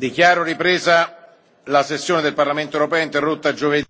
dichiaro ripresa la sessione del parlamento europeo interrotta giovedì